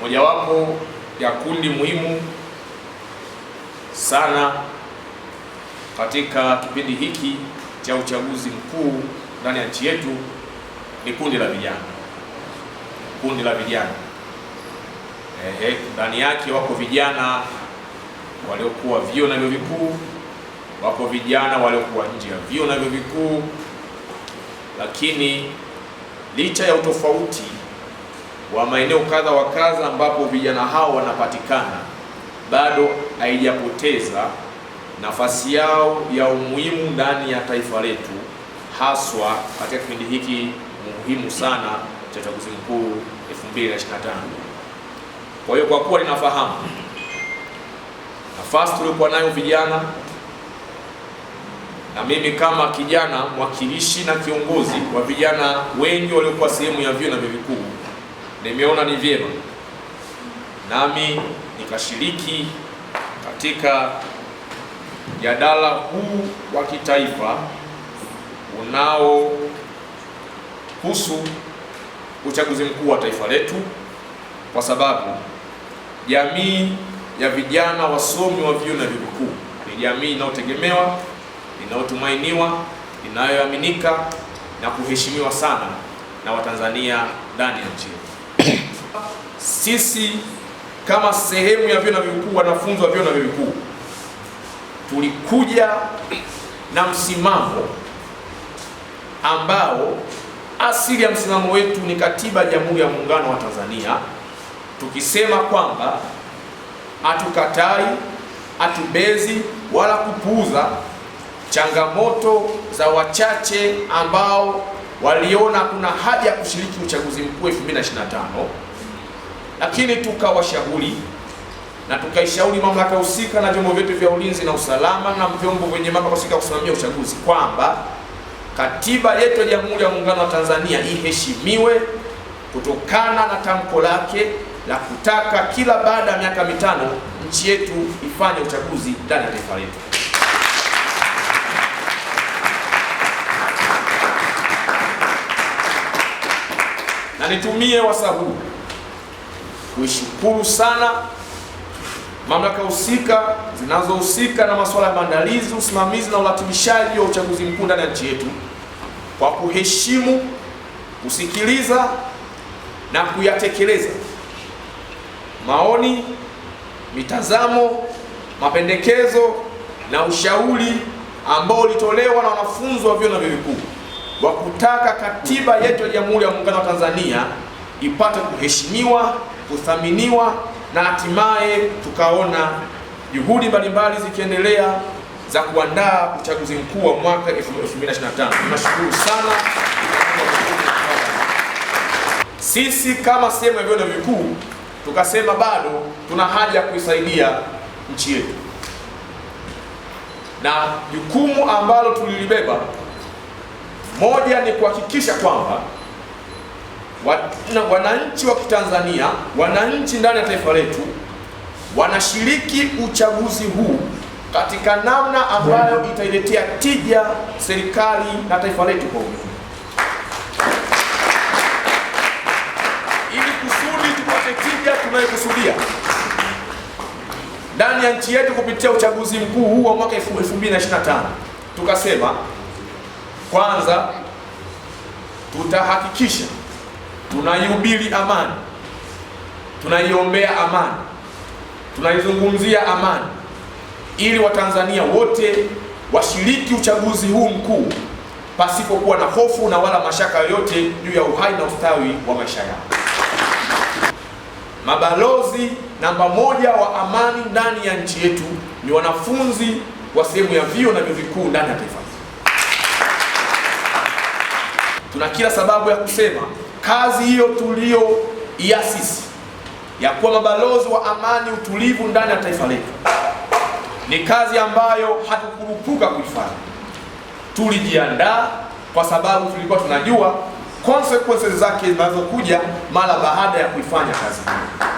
mojawapo ya kundi muhimu sana katika kipindi hiki cha uchaguzi mkuu ndani ya nchi yetu ni kundi la vijana. Kundi la vijana ehe, ndani yake wako vijana waliokuwa vyuo na vyuo vikuu, wako vijana waliokuwa nje ya vyuo na vyuo vikuu, lakini licha ya utofauti wa maeneo kadha wa kadha ambapo vijana hao wanapatikana, bado haijapoteza nafasi yao ya umuhimu ndani ya taifa letu, haswa katika kipindi hiki muhimu sana cha uchaguzi mkuu 2025. Kwa hiyo kwa kuwa ninafahamu nafasi tuliokuwa nayo vijana na mimi kama kijana mwakilishi na kiongozi wa vijana wengi waliokuwa sehemu ya vyuo na vyuo vikuu nimeona ni vyema nami nikashiriki katika mjadala huu wa kitaifa unaohusu uchaguzi mkuu wa taifa letu, kwa sababu jamii ya vijana wasomi wa vyuo na vyuo vikuu ni jamii inayotegemewa, inayotumainiwa, inayoaminika na kuheshimiwa sana na Watanzania ndani ya nchi sisi kama sehemu ya vyuo na vyuo vikuu, wanafunzi wa vyuo na vyuo vikuu tulikuja na msimamo ambao asili ya msimamo wetu ni katiba ya Jamhuri ya Muungano wa Tanzania, tukisema kwamba hatukatai, hatubezi wala kupuuza changamoto za wachache ambao waliona kuna haja ya kushiriki uchaguzi mkuu 2025 lakini tukawashauri na tukaishauri mamlaka husika na vyombo vyetu vya ulinzi na usalama na vyombo vyenye mamlaka husika kusimamia uchaguzi kwamba katiba yetu ya Jamhuri ya Muungano wa Tanzania iheshimiwe kutokana na tamko lake la kutaka kila baada ya miaka mitano nchi yetu ifanye uchaguzi ndani ya taifa letu. Na nitumie wasaa huu kuishukuru sana mamlaka husika zinazohusika na masuala ya maandalizi, usimamizi na uratibishaji wa uchaguzi mkuu ndani ya nchi yetu kwa kuheshimu, kusikiliza na kuyatekeleza maoni, mitazamo, mapendekezo na ushauri ambao ulitolewa na wanafunzi wa vyuo na vyuo vikuu wa kutaka katiba yetu ya Jamhuri ya Muungano wa Tanzania ipate kuheshimiwa, kuthaminiwa na hatimaye tukaona juhudi mbalimbali zikiendelea za kuandaa uchaguzi mkuu wa mwaka 2025. Tunashukuru sana sisi kama sehemu ya vyuo vikuu tukasema bado tuna haja ya kuisaidia nchi yetu, na jukumu ambalo tulilibeba moja ni kuhakikisha kwamba wananchi wa Kitanzania, wananchi ndani ya taifa letu wanashiriki uchaguzi huu katika namna ambayo itailetea tija serikali na taifa letu kwa ujumla. Ili kusudi tupate tija tunayokusudia ndani ya nchi yetu kupitia uchaguzi mkuu huu wa mwaka 2025, tukasema kwanza tutahakikisha tunaihubiri amani, tunaiombea amani, tunaizungumzia amani ili Watanzania wote washiriki uchaguzi huu mkuu pasipokuwa na hofu na wala mashaka yoyote juu ya uhai na ustawi wa maisha yao. Mabalozi namba moja wa amani ndani ya nchi yetu ni wanafunzi wa sehemu ya vyuo na vyuo vikuu ndani ya taifa. Tuna kila sababu ya kusema kazi hiyo sisi ya kuwa mabalozi wa amani, utulivu ndani ya taifa letu ni kazi ambayo hatukurupuka kuifanya. Tulijiandaa kwa sababu tulikuwa tunajua consequences zake zinazokuja mara baada ya kuifanya kazi hiyo.